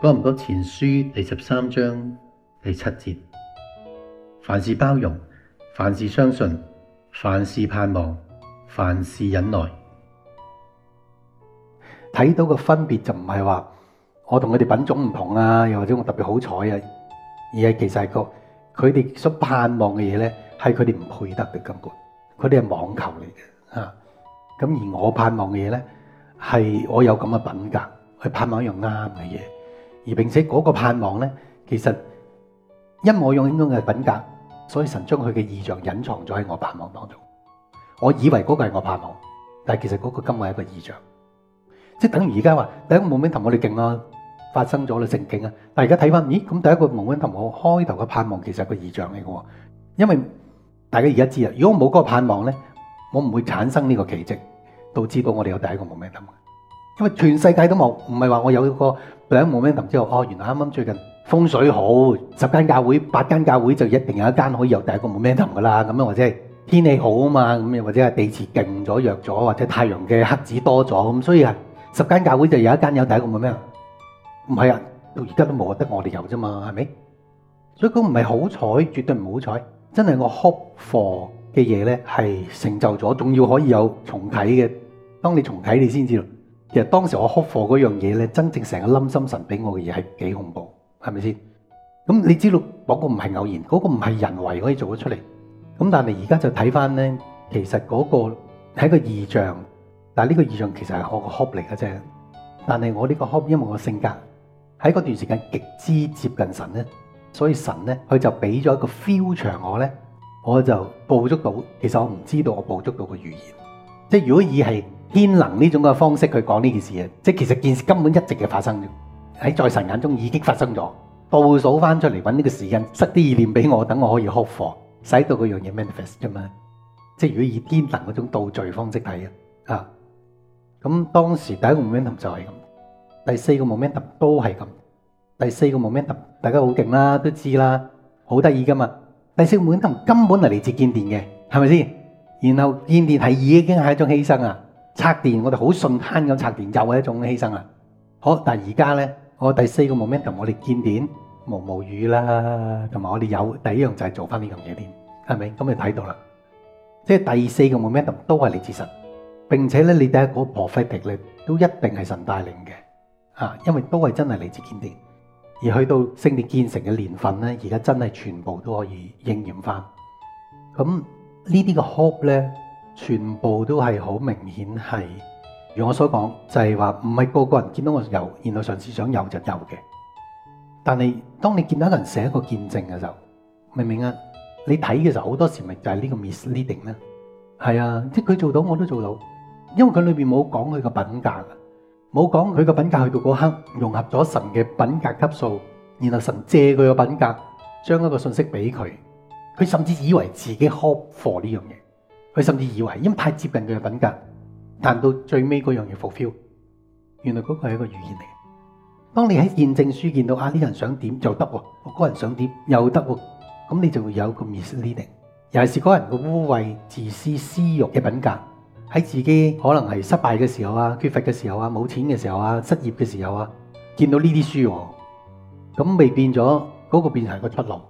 哥林多前書第十三章第七節，凡事包容，凡事相信，凡事盼望，凡事忍耐。睇到個分別就唔係話我同佢哋品種唔同啊，又或者我特別好彩啊，而係其實係個佢哋所盼望嘅嘢咧，係佢哋唔配得嘅根本，佢哋係妄求嚟嘅啊。咁而我盼望嘅嘢咧，係我有咁嘅品格去盼望一樣啱嘅嘢，而並且嗰個盼望咧，其實因我用呢種嘅品格，所以神將佢嘅異象隱藏咗喺我盼望當中。我以為嗰個係我的盼望，但係其實嗰個根本係一個異象，即係等於而家話第一個 momentum 我哋勁啊，發生咗啦，正經啊，但係而家睇翻，咦，咁第一個 momentum 我開頭嘅盼望其實係個異象嚟嘅，因為大家而家知啊，如果冇嗰個盼望咧。我唔會產生呢個奇跡，導致到我哋有第一個 momentum 嘅，因為全世界都冇，唔係話我有嗰個第一個 momentum 之後，哦，原來啱啱最近風水好，十間教會八間教會就一定有一間可以有第一個 momentum 噶啦，咁樣或者係天氣好啊嘛，咁又或者係地磁勁咗弱咗，或者太陽嘅黑子多咗，咁所以係十間教會就有一間有第一個 momentum，唔係啊，到而家都冇得我哋有啫嘛，係咪？所以講唔係好彩，絕對唔好彩，真係我 hope for 嘅嘢咧，係成就咗，仲要可以有重啟嘅。當你重啟你先知道其實當時我 o 貨嗰樣嘢咧，真正成個冧心神俾我嘅嘢係幾恐怖，係咪先？咁你知道嗰、那個唔係偶然，嗰、那個唔係人為可以做得出嚟。咁但係而家就睇翻咧，其實嗰個係個異象，但係呢個異象其實係我個 e 嚟嘅啫。但係我呢個 e 因為我性格喺嗰段時間極之接近神咧，所以神咧佢就俾咗一個 feel 場我咧。我就捕捉到，其實我唔知道我捕捉到個語言，即係如果以係天能呢種嘅方式去講呢件事嘅，即係其實件事根本一直嘅發生，喺在，在神眼中已經發生咗，倒數翻出嚟揾呢個時間，塞啲意念俾我，等我可以渴火，使到嗰樣嘢 manifest 啫嘛。即係如果以天能嗰種倒序方式睇啊，咁當時第一個 momentum 就係咁，第四個 momentum 都係咁，第四個 momentum 大家好勁啦，都知啦，好得意㗎嘛。第四個 momentum 根本係嚟自見電嘅，係咪先？然後見電係已經係一種犧牲啊！拆電我哋好順慳咁拆電又係一種犧牲啊！好，但而家咧，我第四個 momentum 我哋見電無無語啦，同埋我哋有第一樣就係做翻呢樣嘢添，係咪？咁你睇到啦，即係第四個 momentum 都係嚟自神，並且咧你第一個 profit 咧都一定係神帶領嘅啊，因為都係真係嚟自見電。而去到聖殿建成嘅年份咧，而家真係全部都可以應驗翻。咁呢啲嘅 hope 咧，全部都係好明顯係，如我所講，就係話唔係個個人見到我有，然後嘗試想有就有嘅。但係當你見到一個人寫一個見證嘅時候，明唔明啊？你睇嘅時候好多時咪就係呢個 misleading 咧。係啊，即係佢做到我都做到，因為佢裏邊冇講佢嘅品格冇講佢個品格去到嗰刻，融合咗神嘅品格級數，然後神借佢個品格，將一個信息俾佢。佢甚至以為自己 hope for 呢樣嘢，佢甚至以為因為太接近佢嘅品格，但到最尾嗰樣嘢 fulfill，原來嗰個係一個預言嚟。當你喺見證書見到啊，呢人想點就得喎，我個人想點又得喎，咁你就會有個 misleading，尤其是嗰人嘅污穢、自私、私欲嘅品格。喺自己可能係失敗嘅時候啊、缺乏嘅時候啊、冇錢嘅時候啊、失業嘅時候啊，見到呢啲書、哦，咁未變咗，嗰、嗰個變成個出路，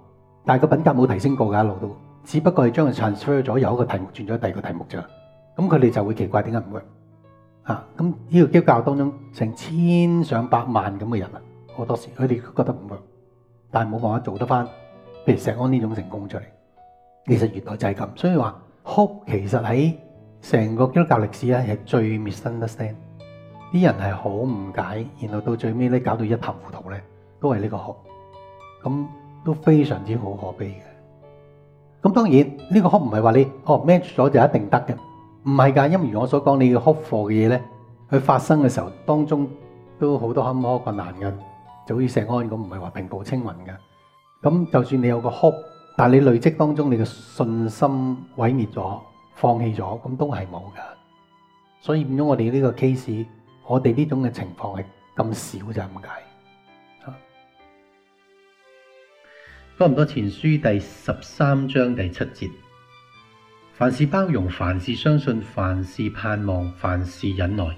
但係個品格冇提升過㗎，一路都，只不過係將佢 transfer 咗，由一個題目轉咗第二個題目啫。咁佢哋就會奇怪點解唔 work 啊？咁呢個基督教當中成千上百萬咁嘅人啊，好多時佢哋覺得唔 work，但係冇辦法做得返，譬如石安呢種成功出嚟，其實原來就係咁。所以話 hope 其實喺。成個基督教歷史咧係最 misunderstand 得聲，啲人係好誤解，然後到最尾咧搞到一塌糊塗咧，都係呢個 hope，咁都非常之好可悲嘅。咁當然呢個 hope 唔係話你哦、oh, match 咗就一定得嘅，唔係㗎。因為如我所講，你要 hope for 嘅嘢咧，佢發生嘅時候當中都好多坎坷困難嘅，就好似石安咁，唔係話平步青雲嘅。咁就算你有個 hope，但係你累積當中你嘅信心毀滅咗。放棄咗，咁都係冇㗎。所以變咗我哋呢個 case，我哋呢種嘅情況係咁少就咁解。哥林多前書第十三章第七節，凡事包容，凡事相信，凡事盼望，凡事忍耐。